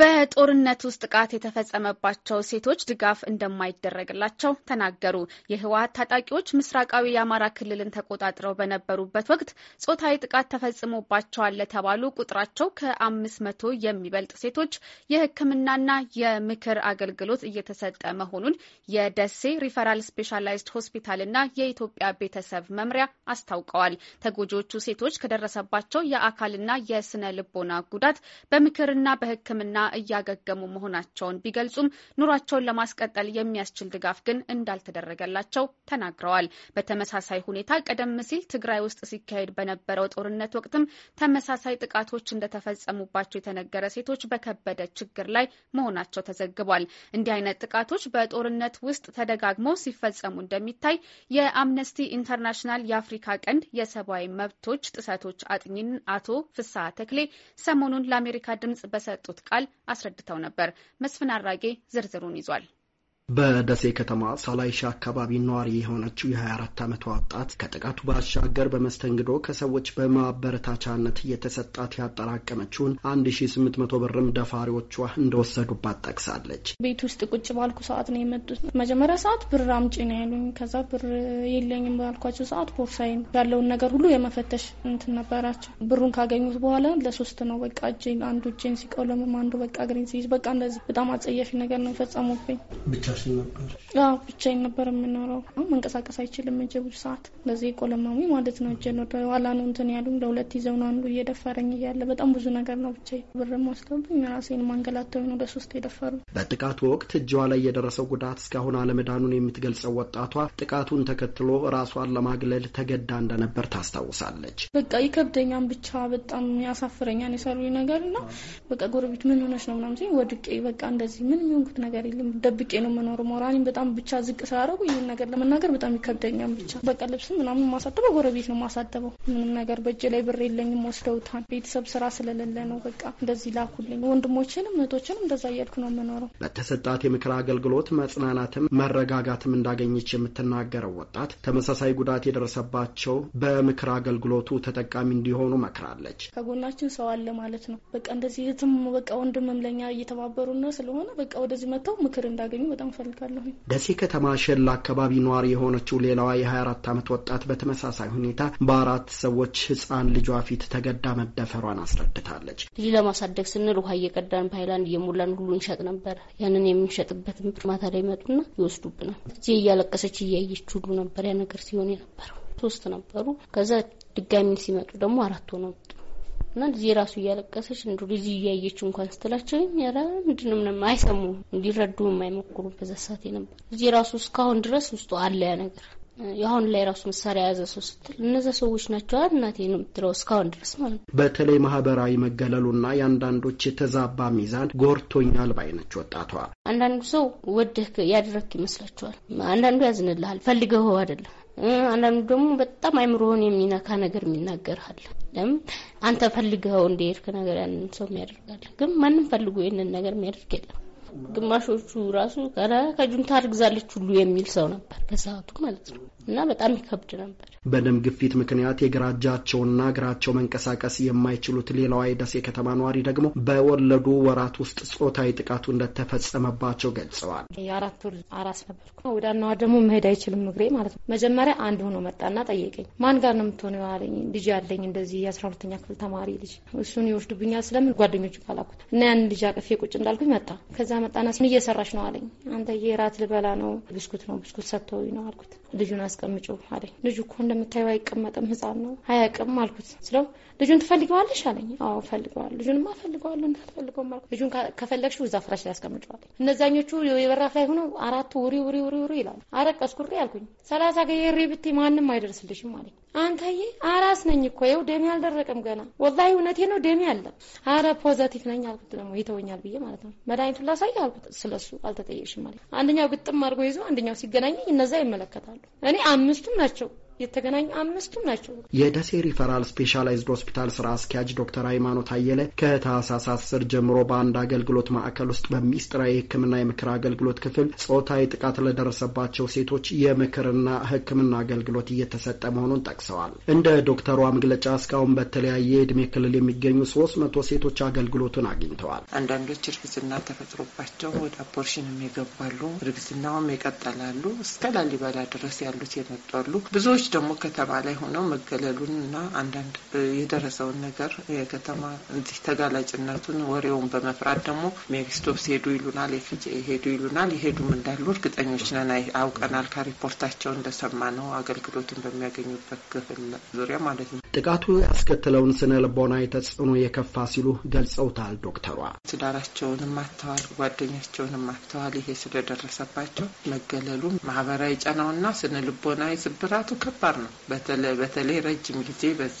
በጦርነት ውስጥ ጥቃት የተፈጸመባቸው ሴቶች ድጋፍ እንደማይደረግላቸው ተናገሩ። የህወሀት ታጣቂዎች ምስራቃዊ የአማራ ክልልን ተቆጣጥረው በነበሩበት ወቅት ጾታዊ ጥቃት ተፈጽሞባቸዋል ለተባሉ ቁጥራቸው ከአምስት መቶ የሚበልጥ ሴቶች የሕክምናና የምክር አገልግሎት እየተሰጠ መሆኑን የደሴ ሪፈራል ስፔሻላይዝድ ሆስፒታልና የኢትዮጵያ ቤተሰብ መምሪያ አስታውቀዋል። ተጎጂዎቹ ሴቶች ከደረሰባቸው የአካልና የስነ ልቦና ጉዳት በምክርና በሕክምና እያገገሙ መሆናቸውን ቢገልጹም ኑሯቸውን ለማስቀጠል የሚያስችል ድጋፍ ግን እንዳልተደረገላቸው ተናግረዋል። በተመሳሳይ ሁኔታ ቀደም ሲል ትግራይ ውስጥ ሲካሄድ በነበረው ጦርነት ወቅትም ተመሳሳይ ጥቃቶች እንደተፈጸሙባቸው የተነገረ ሴቶች በከበደ ችግር ላይ መሆናቸው ተዘግቧል። እንዲህ አይነት ጥቃቶች በጦርነት ውስጥ ተደጋግሞ ሲፈጸሙ እንደሚታይ የአምነስቲ ኢንተርናሽናል የአፍሪካ ቀንድ የሰብአዊ መብቶች ጥሰቶች አጥኚን አቶ ፍስሐ ተክሌ ሰሞኑን ለአሜሪካ ድምጽ በሰጡት ቃል አስረድተው ነበር። መስፍን አራጌ ዝርዝሩን ይዟል። በደሴ ከተማ ሳላይሻ አካባቢ ነዋሪ የሆነችው የ24 ዓመቷ ወጣት ከጥቃቱ ባሻገር በመስተንግዶ ከሰዎች በማበረታቻነት እየተሰጣት ያጠራቀመችውን 1800 ብርም ደፋሪዎቿ እንደወሰዱባት ጠቅሳለች። ቤት ውስጥ ቁጭ ባልኩ ሰዓት ነው የመጡት። መጀመሪያ ሰዓት ብር አምጪ ነው ያሉኝ። ከዛ ብር የለኝም ባልኳቸው ሰዓት ቦርሳዬን ያለውን ነገር ሁሉ የመፈተሽ እንትን ነበራቸው። ብሩን ካገኙት በኋላ ለሶስት ነው በቃ እጄን አንዱ እጄን ሲቀው ለምም አንዱ በቃ እግሬን ሲይዝ በቃ እንደዚህ በጣም አጸያፊ ነገር ነው የፈጸሙብኝ። ብቻሽን ነበር? አዎ ብቻዬን ነበር የምኖረው። መንቀሳቀስ አይችልም እጄ ብዙ ሰዓት ለዚህ ቆለማሚ ማለት ነው። እጄን ወደ ኋላ ነው እንትን ያሉ ለሁለት ይዘውን አንዱ እየደፈረኝ እያለ በጣም ብዙ ነገር ነው ብቻ ብር ወስደውብኝ ራሴን ማንገላተው ነው ለሶስት የደፈሩ። በጥቃቱ ወቅት እጅዋ ላይ የደረሰው ጉዳት እስካሁን አለመዳኑን የምትገልጸው ወጣቷ ጥቃቱን ተከትሎ ራሷን ለማግለል ተገዳ እንደነበር ታስታውሳለች። በቃ ይከብደኛም ብቻ በጣም ያሳፍረኛን የሰሩ ነገር እና በቃ ጎረቤት ምን ሆነች ነው ምናምን ወድቄ በቃ እንደዚህ ምን የሚሆንኩት ነገር የለም ደብቄ ነው የምኖረው ሞራሊን በጣም ብቻ ዝቅ ስላደረጉ ይህን ነገር ለመናገር በጣም ይከብደኛል። ብቻ በቃ ልብስ ምናምን ማሳደበው ጎረቤት ነው ማሳደበው። ምንም ነገር በእጅ ላይ ብር የለኝም ወስደውታል። ቤተሰብ ስራ ስለሌለ ነው በቃ እንደዚህ ላኩልኝ። ወንድሞችንም እህቶችንም እንደዛ እያልኩ ነው የምኖረው። በተሰጣት የምክር አገልግሎት መጽናናትም መረጋጋትም እንዳገኘች የምትናገረው ወጣት ተመሳሳይ ጉዳት የደረሰባቸው በምክር አገልግሎቱ ተጠቃሚ እንዲሆኑ መክራለች። ከጎናችን ሰው አለ ማለት ነው። በቃ እንደዚህ እህትም በቃ ወንድምም ለኛ እየተባበሩ ነው ስለሆነ በቃ ወደዚህ መጥተው ምክር እንዳገኙ በጣም እፈልጋለሁ። ደሴ ከተማ ሸላ አካባቢ ነዋሪ የሆነችው ሌላዋ የ24 ዓመት ወጣት በተመሳሳይ ሁኔታ በአራት ሰዎች ህፃን ልጇ ፊት ተገዳ መደፈሯን አስረድታለች። ልጅ ለማሳደግ ስንል ውሃ እየቀዳን በሀይላንድ እየሞላን ሁሉ እንሸጥ ነበር። ያንን የምንሸጥበት ማታ ላይ መጡና ይወስዱብናል። እዚህ እያለቀሰች እያየች ሁሉ ነበር ያ ነገር ሲሆን የነበረው ሶስት ነበሩ። ከዛ ድጋሚ ሲመጡ ደግሞ አራት ሆነ መጡ። እና ልጄ ራሱ እያለቀሰች እንዱ ልጅ እያየች እንኳን ስትላቸው ኧረ ምንድን ነው ምንም አይሰሙ እንዲረዱ የማይሞክሩ በዛ ሰዓት ነበር። ልጄ ራሱ እስካሁን ድረስ ውስጡ አለ ያ ነገር። የአሁን ላይ ራሱ መሳሪያ የያዘ ሰው ስትል እነዚ ሰዎች ናቸው እናቴ ነው የምትለው እስካሁን ድረስ ማለት ነው። በተለይ ማህበራዊ መገለሉና የአንዳንዶች የተዛባ ሚዛን ጎርቶኛል ባይነች ወጣቷ። አንዳንዱ ሰው ወደህ ያደረክ ይመስላችኋል። አንዳንዱ ያዝንልሃል ፈልገው አይደለም። አንዳንዱ ደግሞ በጣም አይምሮህን የሚነካ ነገር የሚናገርሃል። ለምን አንተ ፈልገው እንደሄድክ ነገር ያንን ሰው የሚያደርጋል። ግን ማንም ፈልጎ ይህንን ነገር የሚያደርግ የለም። ግማሾቹ ራሱ ከጁንታ አርግዛለች ሁሉ የሚል ሰው ነበር በሰዓቱ ማለት ነው። እና በጣም ይከብድ ነበር። በደም ግፊት ምክንያት የግራ እጃቸውና እግራቸው መንቀሳቀስ የማይችሉት ሌላዋ የደሴ ከተማ ነዋሪ ደግሞ በወለዱ ወራት ውስጥ ጾታዊ ጥቃቱ እንደተፈጸመባቸው ገልጸዋል። የአራት ወር አራስ ነበርኩ። ወደ አናዋ ደግሞ መሄድ አይችልም እግሬ ማለት ነው። መጀመሪያ አንድ ሆኖ መጣና ጠየቀኝ። ማን ጋር ነው የምትሆነው ያለኝ ልጅ ያለኝ እንደዚህ የአስራ ሁለተኛ ክፍል ተማሪ ልጅ እሱን ይወስዱብኛል ስለምን ጓደኞች ካላኩት እና ያን ልጅ አቅፌ ቁጭ እንዳልኩኝ መጣ። ከዛ መጣና እየሰራች ነው አለኝ። አንተ የራት ልበላ ነው ብስኩት ነው ብስኩት ሰጥተውኝ ነው አልኩት። ልጁን አስቀምጩ አለኝ። ልጁ እኮ እንደምታየው አይቀመጥም፣ ህፃን ነው አያውቅም አልኩት። ስለው ልጁን ትፈልገዋለሽ አለኝ። አዎ ፈልገዋል። ልጁንማ ፈልገዋለሁ እንዳትፈልገውም አልኩት። ልጁን ከፈለግሽው እዛ ፍራሽ ላይ አስቀምጪዋለኝ። እነዛኞቹ የበራፍ ላይ ሆነው አራቱ ውሪ ውሪ ውሪ ውሪ ይላሉ። አረቀስኩ እሪ አልኩኝ። ሰላሳ ገየሪ ብቴ ማንም አይደርስልሽም አለኝ። አንተዬ አራስ ነኝ እኮ ይኸው ደሜ አልደረቀም ገና ወላሂ እውነቴ ነው ደሜ አለ። አረ ፖዘቲቭ ነኝ አልኩት። ደግሞ ይተወኛል ብዬ ማለት ነው። መድኃኒቱን ላሳይ አልኩት። ስለሱ አልተጠየቅሽም አለኝ። አንደኛው ግጥም አድርጎ ይዞ አንደኛው ሲገናኘኝ እነዛ ይመለከታል እኔ አምስቱም ናቸው የተገናኙ አምስቱም ናቸው። የደሴ ሪፈራል ስፔሻላይዝድ ሆስፒታል ስራ አስኪያጅ ዶክተር ሃይማኖት አየለ ከታህሳስ አስር ጀምሮ በአንድ አገልግሎት ማዕከል ውስጥ በሚስጥራዊ የሕክምና የምክር አገልግሎት ክፍል ጾታዊ ጥቃት ለደረሰባቸው ሴቶች የምክርና ሕክምና አገልግሎት እየተሰጠ መሆኑን ጠቅሰዋል። እንደ ዶክተሯ መግለጫ እስካሁን በተለያየ የእድሜ ክልል የሚገኙ ሶስት መቶ ሴቶች አገልግሎቱን አግኝተዋል። አንዳንዶች እርግዝና ተፈጥሮባቸው ወደ አቦርሽንም ይገባሉ። እርግዝናውም ይቀጠላሉ። እስከ ላሊበላ ድረስ ያሉት የመጧሉ ብዙዎች ደግሞ ከተማ ላይ ሆነው መገለሉን እና አንዳንድ የደረሰውን ነገር የከተማ እዚህ ተጋላጭነቱን ወሬውን በመፍራት ደግሞ ሜሪስቶፕስ ሄዱ ይሉናል፣ የፍጭ ሄዱ ይሉናል። ይሄዱም እንዳሉ እርግጠኞች ነን፣ አውቀናል። ከሪፖርታቸው እንደሰማ ነው አገልግሎትን በሚያገኙበት ክፍል ዙሪያ ማለት ነው። ጥቃቱ ያስከተለውን ስነ ልቦናዊ ተጽዕኖ የከፋ ሲሉ ገልጸውታል ዶክተሯ። ትዳራቸውንም አጥተዋል፣ ጓደኛቸውንም አጥተዋል። ይሄ ስለደረሰባቸው መገለሉ ማህበራዊ ጫናውና ስነ ልቦናዊ ስብራቱ ከ ከባድ ነው። በተለይ ረጅም ጊዜ በዛ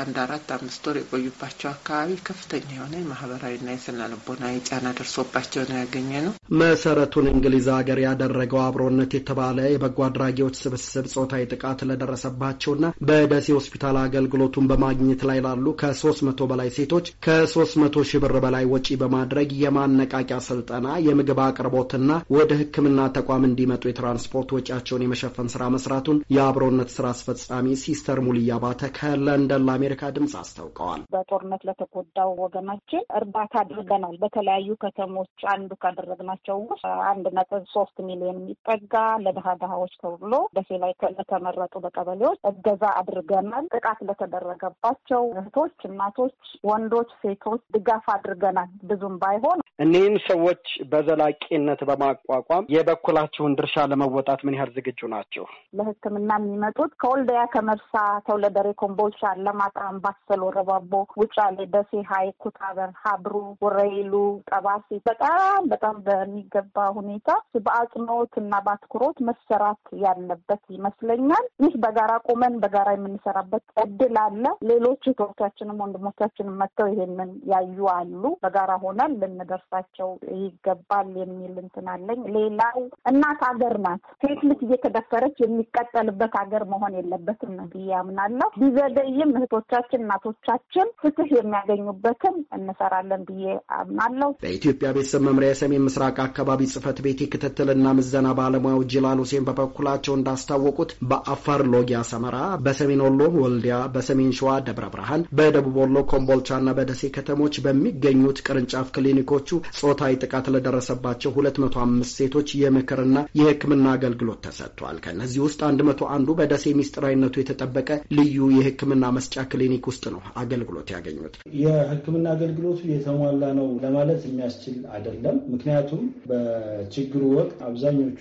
አንድ አራት አምስት ወር የቆዩባቸው አካባቢ ከፍተኛ የሆነ የማህበራዊና የስነ ልቦና የጫና ደርሶባቸው ነው ያገኘ ነው። መሰረቱን እንግሊዝ ሀገር ያደረገው አብሮነት የተባለ የበጎ አድራጊዎች ስብስብ ጾታዊ ጥቃት ለደረሰባቸውና በደሴ ሆስፒታል አገልግሎቱን በማግኘት ላይ ላሉ ከሶስት መቶ በላይ ሴቶች ከሶስት መቶ ሺህ ብር በላይ ወጪ በማድረግ የማነቃቂያ ስልጠና፣ የምግብ አቅርቦትና ወደ ሕክምና ተቋም እንዲመጡ የትራንስፖርት ወጪያቸውን የመሸፈን ስራ መስራቱን የአብሮነት ስራ አስፈጻሚ ሲስተር ሙልያ ባተ ከለንደን ለአሜሪካ ድምፅ አስታውቀዋል። በጦርነት ለተጎዳው ወገናችን እርዳታ አድርገናል። በተለያዩ ከተሞች አንዱ ካደረግናቸው ውስጥ አንድ ነጥብ ሶስት ሚሊዮን የሚጠጋ ለድሃድሃዎች ተብሎ ደሴ ላይ ለተመረጡ በቀበሌዎች እገዛ አድርገናል። ጥቃት ለተደረገባቸው እህቶች፣ እናቶች፣ ወንዶች፣ ሴቶች ድጋፍ አድርገናል። ብዙም ባይሆን እኒህን ሰዎች በዘላቂነት በማቋቋም የበኩላችሁን ድርሻ ለመወጣት ምን ያህል ዝግጁ ናቸው? ለሕክምና የሚመጡ የመጡት ከወልዲያ፣ ከመርሳ፣ ተውለደሬ፣ ኮምቦልቻ፣ አላማጣ፣ አምባሰል፣ ወረባቦ፣ ውጫሌ፣ ደሴ፣ ሀይ ኩታበር፣ ሀብሩ፣ ወረይሉ ጠባሴ በጣም በጣም በሚገባ ሁኔታ በአጽንኦት እና በአትኩሮት መሰራት ያለበት ይመስለኛል። ይህ በጋራ ቆመን በጋራ የምንሰራበት እድል አለ። ሌሎች እህቶቻችንም ወንድሞቻችንም መጥተው ይሄንን ያዩ አሉ። በጋራ ሆነን ልንደርሳቸው ይገባል የሚል እንትናለኝ ሌላው እናት ሀገር ናት። ሴት ልጅ እየተደፈረች የሚቀጠልበት ሀገር መሆን የለበትም ብዬ አምናለሁ። ቢዘገይም እህቶቻችን፣ እናቶቻችን ፍትህ የሚያገኙበትን እንሰራለን ብዬ አምናለሁ። በኢትዮጵያ ቤተሰብ መምሪያ የሰሜን ምስራቅ አካባቢ ጽህፈት ቤት የክትትልና ምዘና ባለሙያው ጅላል ሁሴን በበኩላቸው እንዳስታወቁት በአፋር ሎጊያ ሰመራ፣ በሰሜን ወሎ ወልዲያ፣ በሰሜን ሸዋ ደብረ ብርሃን፣ በደቡብ ወሎ ኮምቦልቻና በደሴ ከተሞች በሚገኙት ቅርንጫፍ ክሊኒኮቹ ጾታዊ ጥቃት ለደረሰባቸው ሁለት መቶ አምስት ሴቶች የምክርና የሕክምና አገልግሎት ተሰጥቷል። ከእነዚህ ውስጥ አንድ መቶ አንዱ በደ ድረስ ሚስጥራዊነቱ የተጠበቀ ልዩ የሕክምና መስጫ ክሊኒክ ውስጥ ነው አገልግሎት ያገኙት። የሕክምና አገልግሎቱ የተሟላ ነው ለማለት የሚያስችል አይደለም። ምክንያቱም በችግሩ ወቅት አብዛኞቹ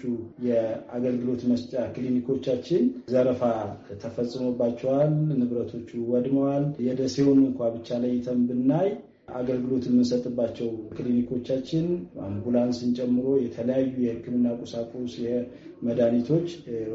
የአገልግሎት መስጫ ክሊኒኮቻችን ዘረፋ ተፈጽሞባቸዋል፣ ንብረቶቹ ወድመዋል። የደሴውን እንኳ ብቻ ለይተን ብናይ አገልግሎት የምንሰጥባቸው ክሊኒኮቻችን አምቡላንስን ጨምሮ የተለያዩ የሕክምና ቁሳቁስ፣ የመድኃኒቶች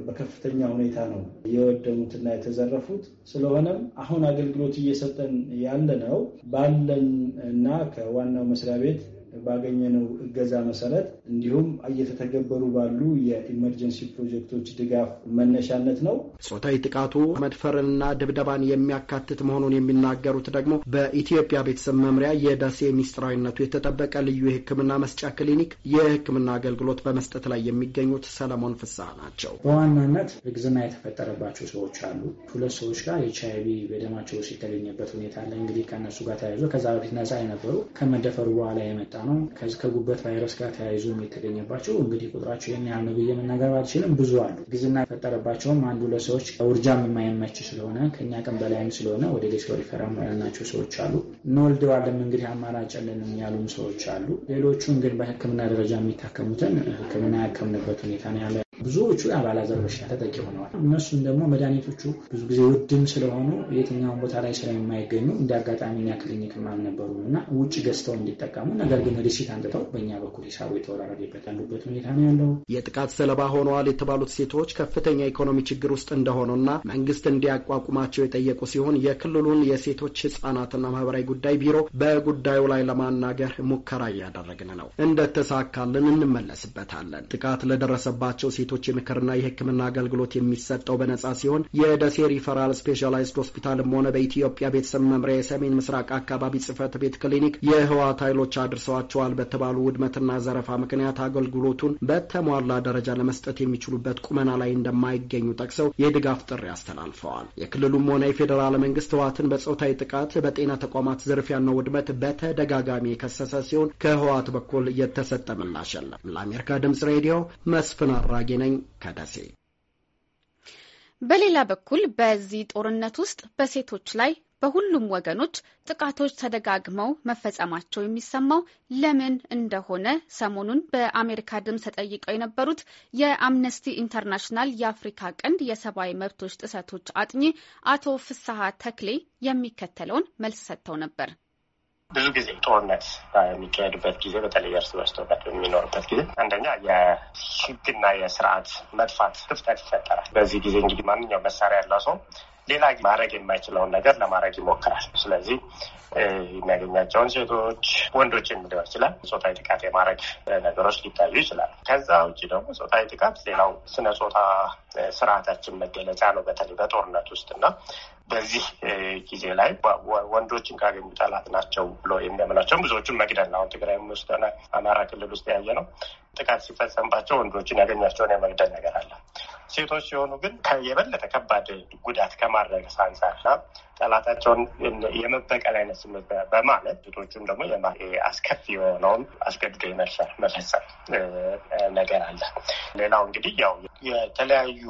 በከፍተኛ ሁኔታ ነው የወደሙትና የተዘረፉት። ስለሆነም አሁን አገልግሎት እየሰጠን ያለ ነው። ባለን እና ከዋናው መስሪያ ቤት ባገኘነው እገዛ መሰረት እንዲሁም እየተተገበሩ ባሉ የኢመርጀንሲ ፕሮጀክቶች ድጋፍ መነሻነት ነው። ጾታዊ ጥቃቱ መድፈርንና ድብደባን የሚያካትት መሆኑን የሚናገሩት ደግሞ በኢትዮጵያ ቤተሰብ መምሪያ የደሴ ሚስጥራዊነቱ የተጠበቀ ልዩ የሕክምና መስጫ ክሊኒክ የሕክምና አገልግሎት በመስጠት ላይ የሚገኙት ሰለሞን ፍስሐ ናቸው። በዋናነት እርግዝና የተፈጠረባቸው ሰዎች አሉ። ሁለት ሰዎች ጋር ኤች አይ ቪ በደማቸው ውስጥ የተገኘበት ሁኔታ አለ። እንግዲህ ከእነሱ ጋር ተያይዞ ከዛ በፊት ነፃ የነበሩ ከመደፈሩ በኋላ የመጣ ነው። ከዚህ ከጉበት ቫይረስ ጋር ተያይዞ የተገኘባቸው እንግዲህ ቁጥራቸው ይህን ያህል ነው ብዬ መናገር ባልችልም ብዙ አሉ። ጊዜና የፈጠረባቸውም አንዱ ለሰዎች ውርጃም የማይመች ስለሆነ ከኛ ቀን በላይም ስለሆነ ወደ ሌስ ሪፈራ ያልናቸው ሰዎች አሉ። እንወልደዋለም እንግዲህ አማራጭ ያሉም ሰዎች አሉ። ሌሎቹን ግን በህክምና ደረጃ የሚታከሙትን ህክምና ያከምንበት ሁኔታ ነው ያለ ብዙዎቹ የአባላዘር በሽታ ተጠቂ ሆነዋል። እነሱም ደግሞ መድኃኒቶቹ ብዙ ጊዜ ውድም ስለሆኑ የትኛውን ቦታ ላይ ስለማይገኙ እንደ አጋጣሚና ክሊኒክም አልነበሩም እና ውጭ ገዝተው እንዲጠቀሙ ነገር ግን ሪሲት አንጥተው በእኛ በኩል ሂሳቡ የተወራረደበት ያሉበት ሁኔታ ነው ያለው። የጥቃት ሰለባ ሆነዋል የተባሉት ሴቶች ከፍተኛ ኢኮኖሚ ችግር ውስጥ እንደሆኑና መንግስት እንዲያቋቁማቸው የጠየቁ ሲሆን የክልሉን የሴቶች ህጻናትና ማህበራዊ ጉዳይ ቢሮ በጉዳዩ ላይ ለማናገር ሙከራ እያደረግን ነው። እንደተሳካልን እንመለስበታለን። ጥቃት ለደረሰባቸው ሴቶች ቤቶች የምክርና የሕክምና አገልግሎት የሚሰጠው በነጻ ሲሆን የደሴ ሪፈራል ስፔሻላይዝድ ሆስፒታልም ሆነ በኢትዮጵያ ቤተሰብ መምሪያ የሰሜን ምስራቅ አካባቢ ጽህፈት ቤት ክሊኒክ የህወሓት ኃይሎች አድርሰዋቸዋል በተባሉ ውድመትና ዘረፋ ምክንያት አገልግሎቱን በተሟላ ደረጃ ለመስጠት የሚችሉበት ቁመና ላይ እንደማይገኙ ጠቅሰው የድጋፍ ጥሪ አስተላልፈዋል። የክልሉም ሆነ የፌዴራል መንግስት ህወሓትን በጾታዊ ጥቃት፣ በጤና ተቋማት ዝርፊያና ውድመት በተደጋጋሚ የከሰሰ ሲሆን ከህወሓት በኩል የተሰጠ ምላሽ የለም። ለአሜሪካ ድምጽ ሬዲዮ መስፍን አራጌ ነኝ ከደሴ። በሌላ በኩል በዚህ ጦርነት ውስጥ በሴቶች ላይ በሁሉም ወገኖች ጥቃቶች ተደጋግመው መፈጸማቸው የሚሰማው ለምን እንደሆነ ሰሞኑን በአሜሪካ ድምፅ ተጠይቀው የነበሩት የአምነስቲ ኢንተርናሽናል የአፍሪካ ቀንድ የሰብአዊ መብቶች ጥሰቶች አጥኚ አቶ ፍስሐ ተክሌ የሚከተለውን መልስ ሰጥተው ነበር። ብዙ ጊዜ ጦርነት በሚካሄድበት ጊዜ በተለይ እርስ በርስ ጦርነት በሚኖርበት ጊዜ አንደኛ የህግና የስርዓት መጥፋት ክፍተት ይፈጠራል። በዚህ ጊዜ እንግዲህ ማንኛውም መሳሪያ ያለው ሰው ሌላ ማድረግ የማይችለውን ነገር ለማድረግ ይሞክራል። ስለዚህ የሚያገኛቸውን ሴቶች፣ ወንዶችን ሊሆን ይችላል ጾታዊ ጥቃት የማድረግ ነገሮች ሊታዩ ይችላል። ከዛ ውጭ ደግሞ ጾታዊ ጥቃት ሌላው ስነ ጾታ ስርዓታችን መገለጫ ነው፣ በተለይ በጦርነት ውስጥ እና በዚህ ጊዜ ላይ ወንዶችን ካገኙ ጠላት ናቸው ብሎ የሚያምናቸውም ብዙዎቹን መግደል አሁን ትግራይ ውስጥ ሆነ አማራ ክልል ውስጥ ያየ ነው። ጥቃት ሲፈጸምባቸው ወንዶችን ያገኛቸውን የመግደል ነገር አለ። ሴቶች ሲሆኑ ግን የበለጠ ከባድ ጉዳት ከማድረግ አንጻርና ጠላታቸውን የመበቀል አይነት ስሜት በማለት ሴቶቹም ደግሞ አስከፊ የሆነውን አስገድዶ የመድፈር መፈጸም ነገር አለ። ሌላው እንግዲህ ያው የተለያዩ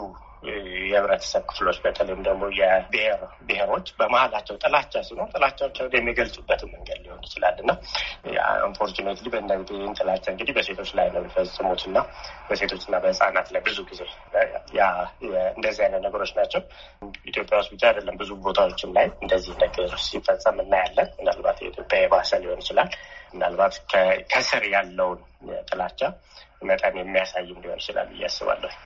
የህብረተሰብ ክፍሎች በተለይም ደግሞ የብሔር ብሔሮች በመሀላቸው ጥላቻ ሲኖር ጥላቻቸውን የሚገልጹበት መንገድ ሊሆን ይችላል እና አንፎርቹኔትሊ በእንዳይን ጥላቻ እንግዲህ በሴቶች ላይ ነው የሚፈጽሙት እና በሴቶች እና በህፃናት ላይ ብዙ ጊዜ እንደዚህ አይነት ነገሮች ናቸው። ኢትዮጵያ ውስጥ ብቻ አይደለም፣ ብዙ ቦታዎችም ላይ እንደዚህ ነገር ሲፈጸም እናያለን። ምናልባት የኢትዮጵያ የባሰ ሊሆን ይችላል። ምናልባት ከስር ያለውን ጥላቻ መጠን የሚያሳይም ሊሆን ይችላል ብዬ አስባለሁ።